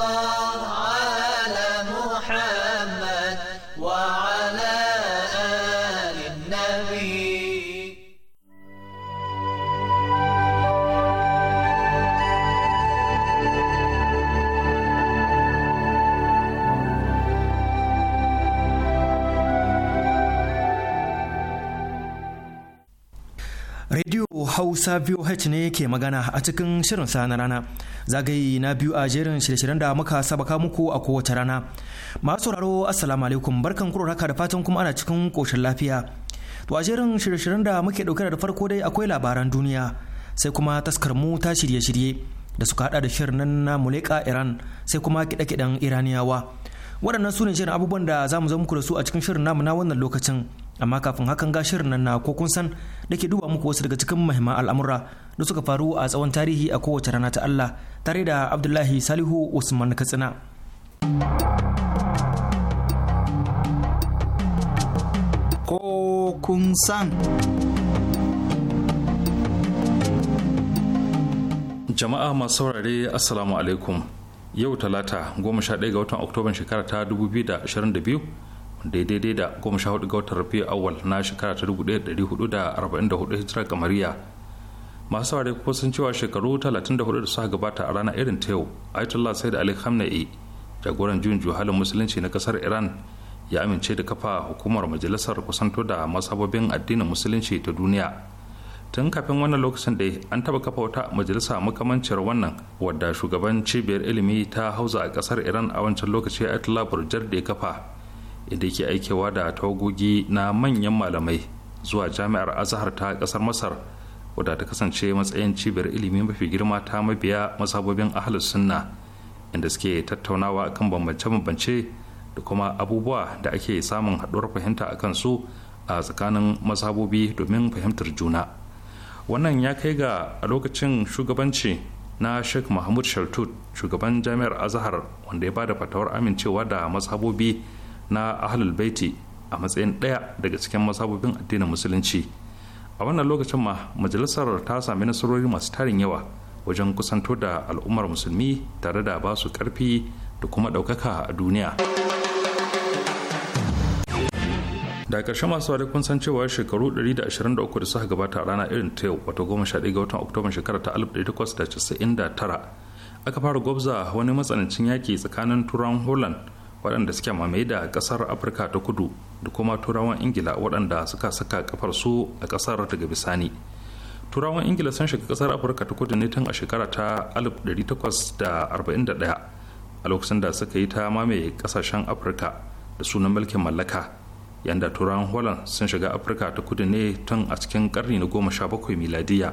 Allah, Hausa VOH ne ke magana a cikin shirin sa na rana. zagayi na biyu a jerin shirye-shiryen da muka sabaka muku a kowace rana. Masu sauraro Assalamu alaikum barkan kuro raka da fatan kuma ana cikin koshin lafiya. To a jerin shirye-shiryen da muke dauke da farko dai akwai labaran duniya sai kuma taskar mu ta shirye-shirye da suka hada da shirin nan na Muleka Iran sai kuma kiɗe-kiɗen Iraniyawa. Waɗannan su ne shirin abubuwan da za mu zama muku da su a cikin shirin namu na wannan lokacin. amma kafin hakan ga shirin nan na ko kun san da ke duba muku wasu daga cikin mahimman al'amura da suka faru a tsawon tarihi a kowace rana ta Allah tare da Abdullahi Salihu Usman Katsina. Ko kun san. Jama'a masu saurare Assalamu alaikum yau talata 11 ga watan Oktoban shekara ta 2022 daidai da goma sha hudu ga watan rabi'u awal na shekara ta dubu ɗaya ɗari hudu da arba'in da hudu ga kamariya masu saurari kuma sun cewa shekaru talatin da hudu da suka gabata a rana irin ta yau ayatollah said ali khamenei jagoran juyin juhalin musulunci na kasar iran ya amince da kafa hukumar majalisar kusanto da masababin addinin musulunci ta duniya tun kafin wannan lokacin da an taba kafa wata majalisa makamancin wannan wadda shugaban cibiyar ilimi ta hauza a kasar iran a wancan lokaci ayatollah burjar da ya kafa inda yake aikewa da tawagogi na manyan malamai zuwa jami'ar azahar ta kasar masar wadda ta kasance matsayin cibiyar ilimi mafi girma ta mabiya masababin ahalus sunna inda suke tattaunawa akan bambance-bambance da kuma abubuwa da ake samun haɗuwar fahimta a kansu a tsakanin masabobi domin fahimtar juna wannan ya kai ga a lokacin shugabanci na sheikh mahmud shaltut shugaban jami'ar azahar wanda ya ba da fatawar amincewa da masabobi na ahlul baiti a matsayin ɗaya daga cikin masabobin addinin musulunci a wannan lokacin ma majalisar ta sami nasarori masu tarin yawa wajen kusanto da al'ummar musulmi tare da ba su ƙarfi da kuma ɗaukaka a duniya da ƙarshe masu wari kun san cewa shekaru 123 da suka gabata a rana irin ta yau wato 11 ga watan oktoban shekarar ta 1899 aka fara gwabza wani matsanancin yaki tsakanin turan holland waɗanda suke mamaye da ƙasar afirka ta kudu da kuma turawan ingila waɗanda suka saka kafar su a ƙasar daga bisani turawan ingila sun shiga ƙasar afirka ta kudu ne tun a shekara ta 1841 a lokacin da suka yi ta mamaye ƙasashen afirka da sunan mulkin mallaka yanda turawan holland sun shiga afirka ta kudu ne tun a cikin ƙarni na goma sha bakwai miladiya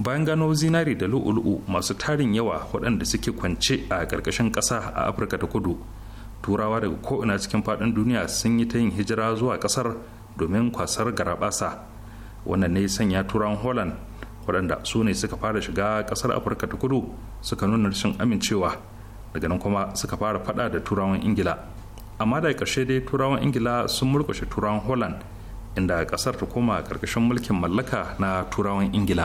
bayan gano zinari da lu'u-lu'u masu tarin yawa waɗanda suke kwance a ƙarƙashin ƙasa a afirka ta kudu turawa daga ko'ina cikin faɗin duniya sun yi ta yin hijira zuwa ƙasar domin kwasar garabasa wannan ne sanya turawan holland waɗanda su ne suka fara shiga ƙasar afirka ta kudu suka nuna rashin amincewa daga nan kuma suka fara faɗa da turawan ingila amma da ƙarshe dai turawan ingila sun murkushe turawan holland inda ƙasar ta koma ƙarƙashin mulkin mallaka na turawan ingila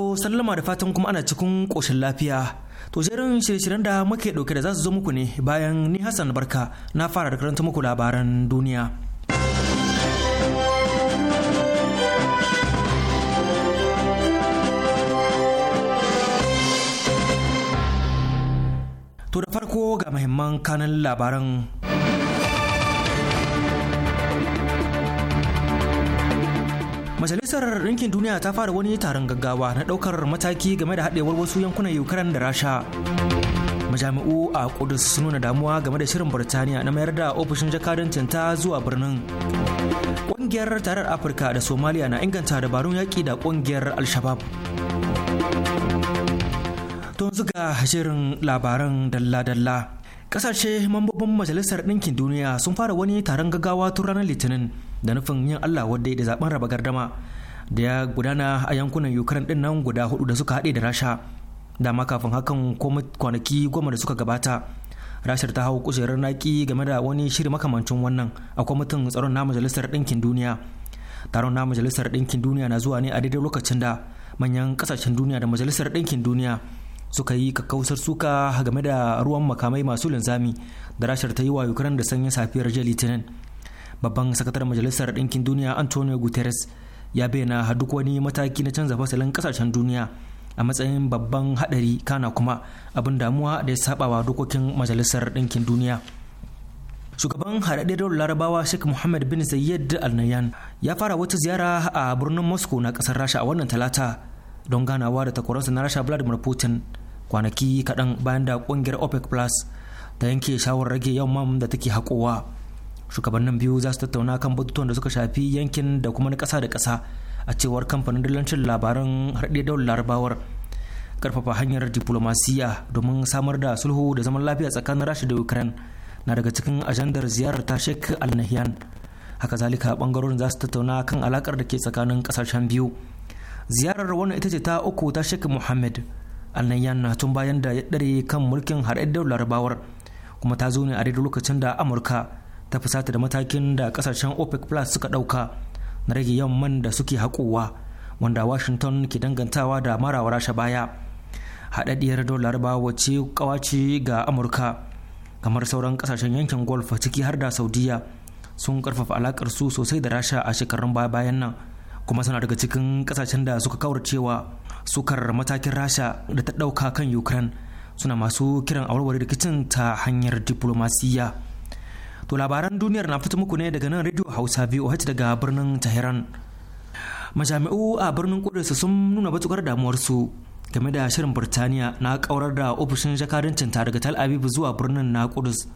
to sallama da fatan kuma ana cikin ƙoshin lafiya. To jerin shirye-shiryen da muke ɗauke da za su zo muku ne bayan ni Hassan Barka na fara da karanta muku labaran duniya. To da farko ga mahimman kanan labaran majalisar ɗinkin duniya ta fara wani taron gaggawa na ɗaukar mataki game da haɗewar wasu yankunan ukraine da rasha majami'u a kudus sun nuna damuwa game da shirin birtaniya na mayar da ofishin jakadancin ta zuwa birnin ƙungiyar tarar afirka da somaliya na inganta dabarun yaƙi da ƙungiyar alshabab. tun zuga shirin labaran dalla-dalla ƙasashe mambobin majalisar ɗinkin duniya sun fara wani taron gaggawa tun ranar litinin da nufin yin Allah wadda da zaben raba gardama da ya gudana a yankunan Ukraine din nan guda hudu da suka haɗe da Rasha dama kafin hakan kwanaki goma da suka gabata rashar ta hau kujerar naki game da wani shiri makamancin wannan a kwamitin tsaron na majalisar ɗinkin duniya taron na majalisar ɗinkin duniya na zuwa ne a daidai lokacin da manyan kasashen duniya da majalisar ɗinkin duniya suka yi kakkausar suka game da ruwan makamai masu linzami da rashar ta yi wa ukraine da sanyin safiyar jiya litinin babban sakataren majalisar ɗinkin duniya antonio guterres ya bayyana duk wani mataki na canza fasalin kasashen duniya a matsayin babban haɗari kana kuma abin damuwa da ya sabawa dokokin majalisar ɗinkin duniya shugaban haɗaɗɗiyar larabawa sheikh muhammad bin zayed al nayan ya fara wata ziyara a birnin moscow na ƙasar rasha a wannan talata don ganawa da takwaransa na rasha vladimir putin kwanaki kaɗan bayan da ƙungiyar opec plus ta yanke shawarar rage yawan mam da take haƙowa shugabannin biyu za su tattauna kan batutuwan da suka shafi yankin da kuma na kasa da kasa a cewar kamfanin dalancin labaran harɗe daular larabawar karfafa hanyar diplomasiya domin samar da sulhu da zaman lafiya tsakanin rasha da ukraine na daga cikin ajandar ziyarar ta sheikh al nahyan haka zalika bangarorin za su tattauna kan alakar da ke tsakanin kasashen biyu ziyarar wannan ita ce ta uku ta shek muhammad al nahyan tun bayan da ya dare kan mulkin daular larabawar kuma ta zo ne a daidai lokacin da amurka ta fusata da matakin da kasashen opec plus suka dauka na rage yawan man da suke haƙowa wanda washington ke dangantawa da marawa rasha baya haɗaɗɗiyar dolar ba wace kawaci ga amurka kamar sauran kasashen yankin golf ciki har da saudiya sun ƙarfafa alakar su sosai da rasha a shekarun baya bayan nan kuma suna daga cikin kasashen da suka kauracewa sukar matakin rasha da ta ɗauka kan ukraine suna masu kiran a warware rikicin ta hanyar diplomasiya. To labaran duniyar na fito muku ne daga nan Radio Hausa VOH daga birnin Tehran. Majami'u a birnin Kudus sun nuna batukar damuwarsu game da shirin Birtaniya na kaurar da ofishin jakadancin ta daga Tel Aviv zuwa birnin na Kudus.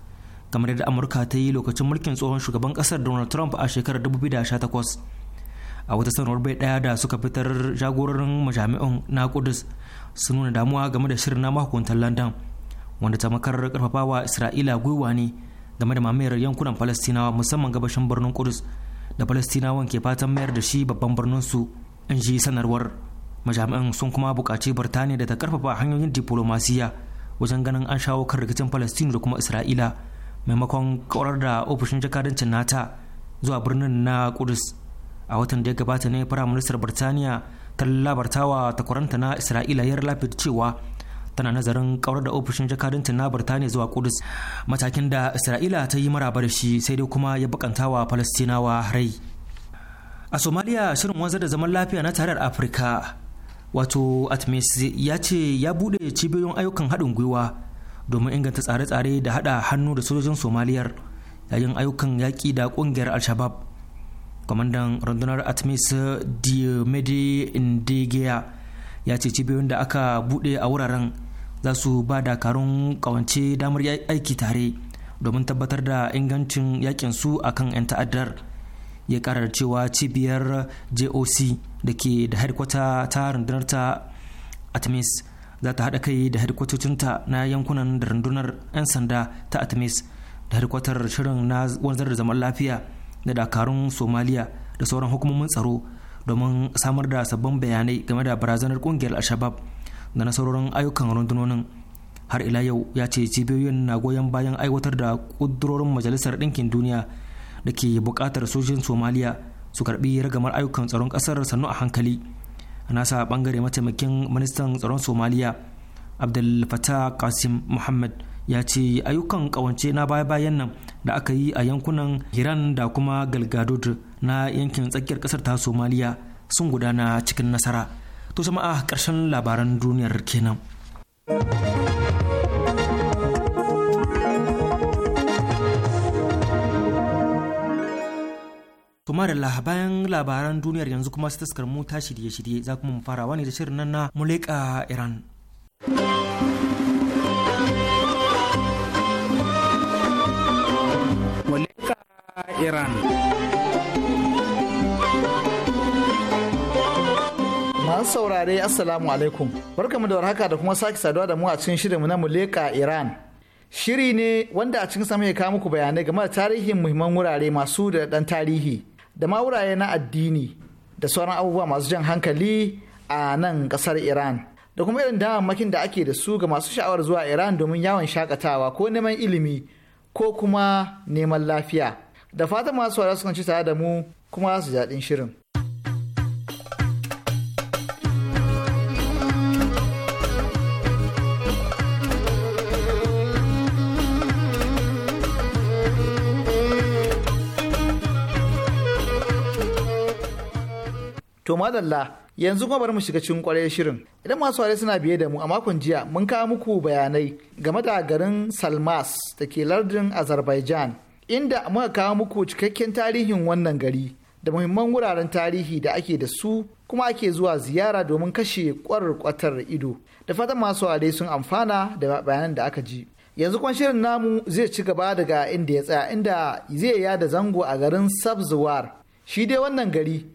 kamar yadda Amurka ta yi lokacin mulkin tsohon shugaban kasar Donald Trump a shekarar 2018. A wata sanarwar bai daya da suka fitar jagororin majami'un na Kudus sun nuna damuwa game da shirin na mahukuntan London wanda ta makar karfafawa Isra'ila gwiwa ne game da mamayar yankunan falastinawa musamman gabashin birnin kudus da falastinawan ke fatan mayar da shi babban birnin su in ji sanarwar majami'an sun kuma buƙaci birtaniya da ta karfafa hanyoyin diplomasiya wajen ganin an shawo kan rikicin falastinu da kuma isra'ila maimakon kwarar da ofishin jakadancin nata zuwa birnin na kudus a watan da ya gabata ne firayim birtaniya ta wa takwaranta na isra'ila ya lafiyar cewa tana nazarin kaurar da ofishin jakadanta na birtaniya zuwa kudus matakin da isra'ila ta yi maraba da shi sai dai kuma ya bakantawa wa falastinawa rai a somaliya shirin wanzar da zaman lafiya na tarar afirka wato atmis e ya ce ya bude cibiyoyin ayyukan haɗin gwiwa domin inganta tsare-tsare da haɗa hannu da sojojin somaliyar yayin ayyukan yaƙi da ƙungiyar al-shabab kwamandan rundunar atmis e diomede Ndegeya ya ce cibiyoyin da aka buɗe a wuraren za su ba dakarun kawance damar aiki tare domin tabbatar da ingancin yakin su kan 'yan ta'addar ya karar cewa cibiyar joc da ke da harkwata ta rundunar ta artemis za ta haɗa kai da harkwatocinta na yankunan da rundunar 'yan sanda ta artemis da harkwatar shirin na wanzar da zaman lafiya da dakarun somaliya da sauran hukumomin tsaro domin samar da sabbin bayanai game da barazanar kungiyar al-shabab da na sauran ayyukan rundunonin har ila yau ya ce cibiyoyin na goyon bayan aiwatar da ƙudurorin majalisar ɗinkin duniya da ke buƙatar sojin somaliya su karɓi ragamar ayyukan tsaron ƙasar sannu a hankali a nasa ɓangare mataimakin ministan tsaron somaliya abdul fatah kasim muhammad ya ce ayyukan ƙawance na baya-bayan nan da aka yi a yankunan hiran da kuma galgadud na yankin tsakiyar ƙasar ta somaliya sun gudana cikin nasara to jama'a ƙarshen labaran duniyar kenan. kuma da bayan labaran duniyar yanzu kuma su taskar mu ta shirye-shirye za kuma mu fara wani da shirin nan na muleka iran muleka iran masu saurare assalamu alaikum barkamu da warhaka da kuma sake saduwa da mu a cikin shirinmu na muleka iran shiri ne wanda a cikin sama ya kawo muku bayanai game da tarihin muhimman wurare masu da dan tarihi da ma wurare na addini da sauran abubuwa masu jan hankali a nan kasar iran da kuma irin damammakin da ake da su ga masu sha'awar zuwa iran domin yawon shakatawa ko neman ilimi ko kuma neman lafiya da fatan masu wara sukan ci tare da mu kuma su jaɗin shirin To madalla yanzu kuma bari mu shiga cikin kwarai shirin. Idan masu ware suna biye da mu a makon jiya mun kawo muku bayanai game da garin Salmas da ke lardin Azerbaijan inda muka kawo muku cikakken tarihin wannan gari da muhimman wuraren tarihi da ake da su kuma ake zuwa ziyara domin kashe kwarar ido. Da fatan masu ware sun amfana da bayanan da aka ji. yanzu kwan shirin namu zai ci gaba daga inda ya tsaya inda zai yada zango a garin sabzuwar shi dai wannan gari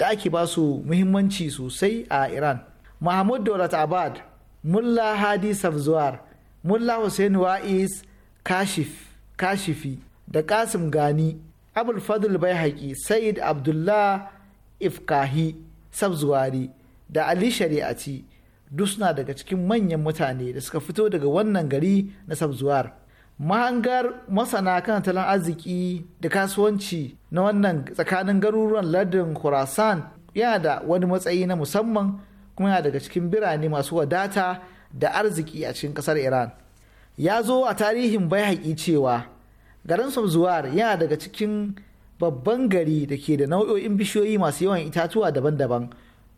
da ake ba su muhimmanci sosai a iran mahmud dorat abad mulla hadi safzuwar mulla hussein wa'is kashif kashifi da kasim gani abul fadl bai said abdullah ifkahi sabzuwari da ali shari'aci duk suna daga cikin manyan mutane da suka fito daga wannan gari na sabzuwar mahangar masana kan tattalin arziki da kasuwanci na wannan tsakanin garuruwan lardin khorasan yana da wani matsayi na musamman kuma yana daga cikin birane masu wadata da arziki a cikin kasar iran ya zo a tarihin bai cewa garin zuwar yana daga cikin babban gari da ke da nau'o'in bishiyoyi masu yawan itatuwa daban-daban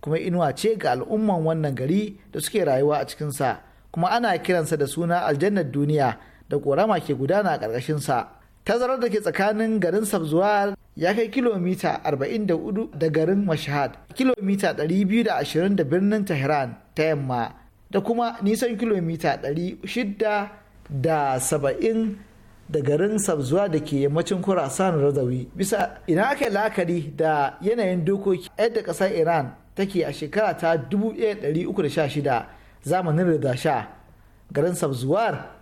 kuma inuwa ce ga al'umman wannan gari da suke rayuwa a cikinsa kuma ana kiransa da suna aljannar duniya da ƙorama ke gudana a ƙarƙashin ƙarƙashinsa tazarar da ke tsakanin garin sabzuwar ya kai kilomita 44 da garin mashahad kilomita 220 da birnin tehran ta yamma da kuma nisan kilomita 670 da saba'in da garin sabzuwa da ke yammacin kurasan razawi bisa ina aka yi la'akari da yanayin dokoki yadda ƙasar iran take a shekara ta 1316 zamanin ridasha garin sabzuwar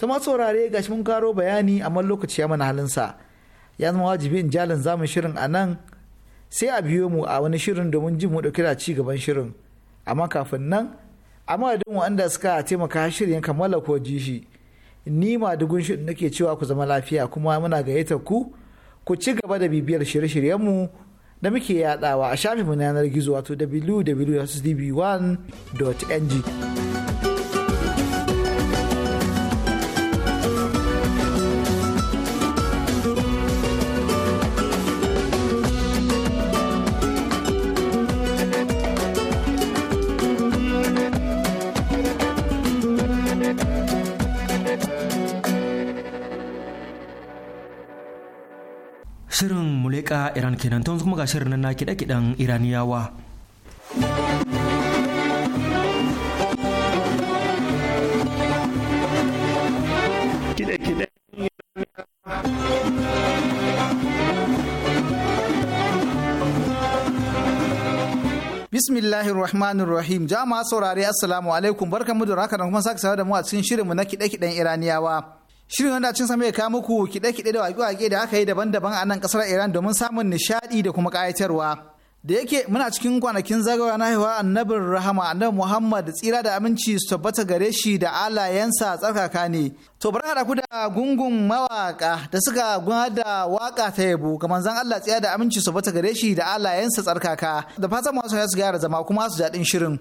ta ma saurare gashi mun karo bayani amma lokaci ya mana sa ya zama wajibin jalin zamun shirin a nan sai a biyo mu a wani shirin domin jin mu dauki da ci gaban shirin amma kafin nan amma da wanda suka taimaka shirin kammala ko ji shi ni ma dugun shirin nake cewa ku zama lafiya kuma muna gayyatar ku ku ci gaba da bibiyar shirye shiryen mu da muke yadawa a shafinmu na yanar gizo wato www.db1.ng kenan ta kuma ga shirin na kiɗe-kiɗen iraniyawa Bismillahir Rahmanir Rahim. Jama'a saurare Assalamu alaikum. Barkamu da raka da kuma sake sawa da mu a cikin shirinmu na kide kiɗen Iraniyawa. Shirin wanda cin sami kawo muku kiɗe-kiɗe da waƙe-waƙe da aka yi daban-daban a nan ƙasar Iran domin samun nishaɗi da kuma ƙayatarwa. Da yake muna cikin kwanakin zagawa na haihuwa annabin rahama annabi Muhammad tsira da aminci su tabbata gare shi da alayensa tsarkaka ne. To bari haɗa ku da gungun mawaƙa da suka gwada waƙa ta yabo ga manzon Allah tsira da aminci su tabbata gare shi da alayensa tsarkaka. Da fatan masu su gyara zama kuma su daɗin shirin.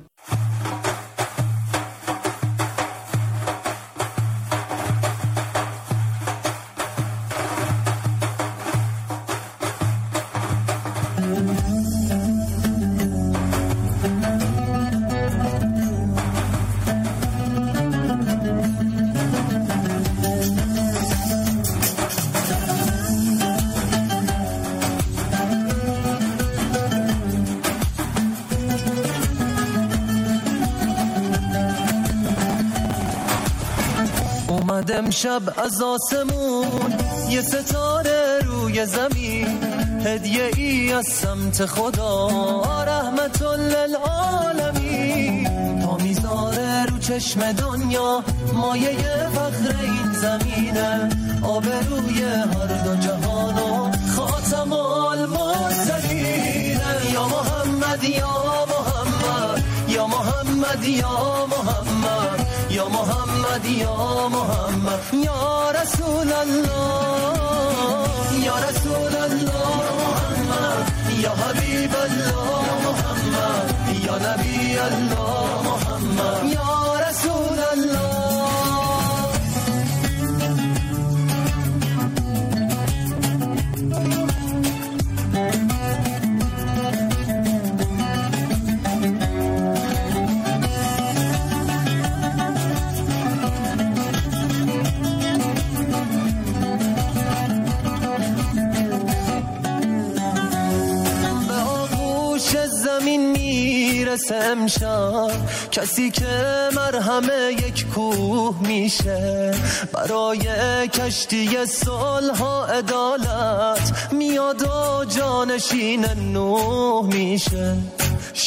اومدم شب از آسمون یه ستاره روی زمین هدیه ای از سمت خدا رحمت للعالمی تا میذاره رو چشم دنیا مایه فخر این زمینه آب روی هر دو جهان و خاتم آلمان یا محمد یا یا محمد یا محمد یا محمد یا محمد یا رسول الله یا رسول الله محمد یا حبیب الله محمد یا نبی الله محمد یا رسول الله مثل امشب کسی که مرهم یک کوه میشه برای کشتی صلح و عدالت میاد و جانشین نوح میشه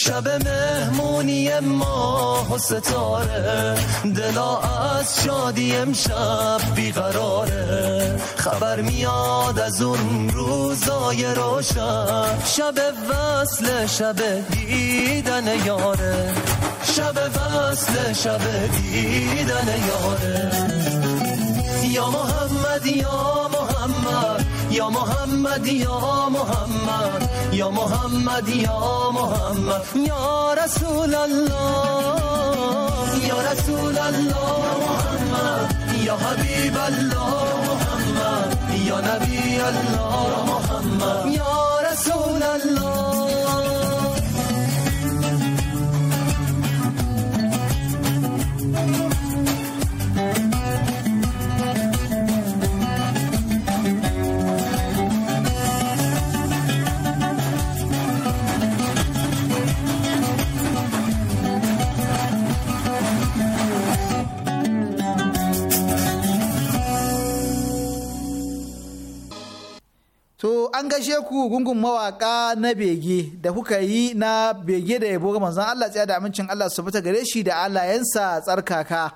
شب مهمونی ماه و ستاره دلا از شادی امشب بیقراره خبر میاد از اون روزای روشن شب وصل شب دیدن یاره شب وصل شب دیدن یاره یا محمد یا یا محمد یا محمد یا محمد یا محمد یا رسول الله یا رسول الله محمد یا حبیب الله محمد یا نبی الله محمد یا رسول الله an gashe ku gungun mawaka na bege da kuka yi na bege da yabo ga manzon Allah tsaya da amincin Allah su fita gare shi da alayensa tsarkaka.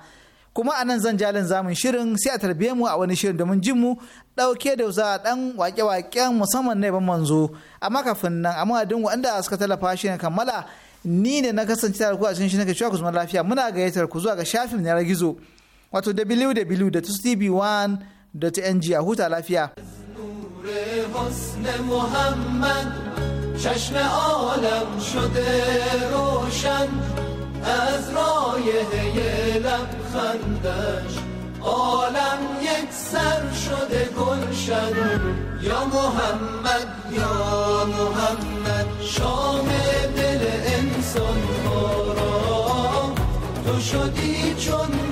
Kuma a nan zan jalin zamun shirin sai a tarbiye mu a wani shirin domin jin mu ɗauke da za dan wake-waken musamman na yaban manzo. Amma kafin nan amma madadin wanda suka tallafa shi kammala ni ne na kasance tare ku a cikin shi nake cewa ku zama lafiya muna gayyatar ku zuwa ga shafin na gizo wato www.tv1.ng a huta lafiya. حسن محمد چشم عالم شده روشن از رایه خندش، عالم یک سر شده گلشن یا محمد یا محمد شام دل انسان ها تو شدی چون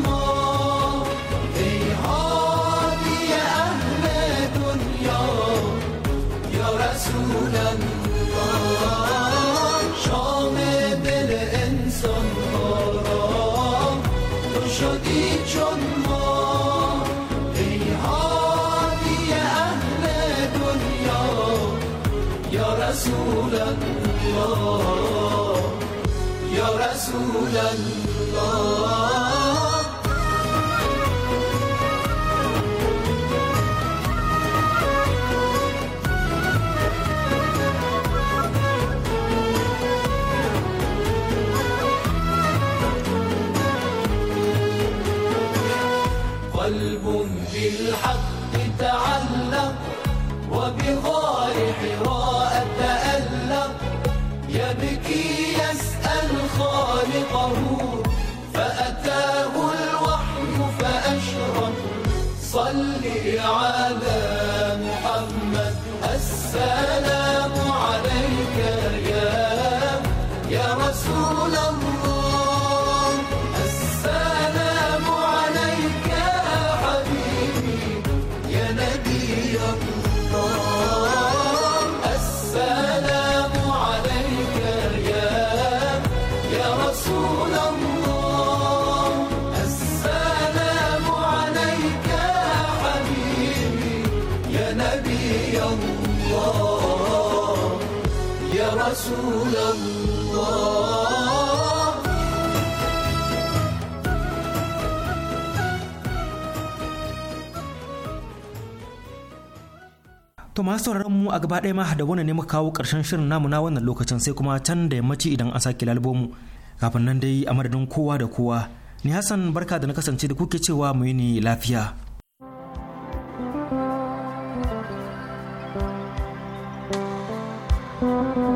شدن شام دل انسان ها را تو شدی چون ما ای هادی اهل دنیا یا رسول الله یا رسول الله To masu sauraron mu a gaba ɗaya ma da wannan ne muka kawo ƙarshen shirin namu na wannan lokacin sai kuma can da yammaci idan an sake lalbo mu. Kafin nan dai a madadin kowa da kowa. Ni Hassan barka da na kasance da kuke cewa mu yi ni lafiya. thank you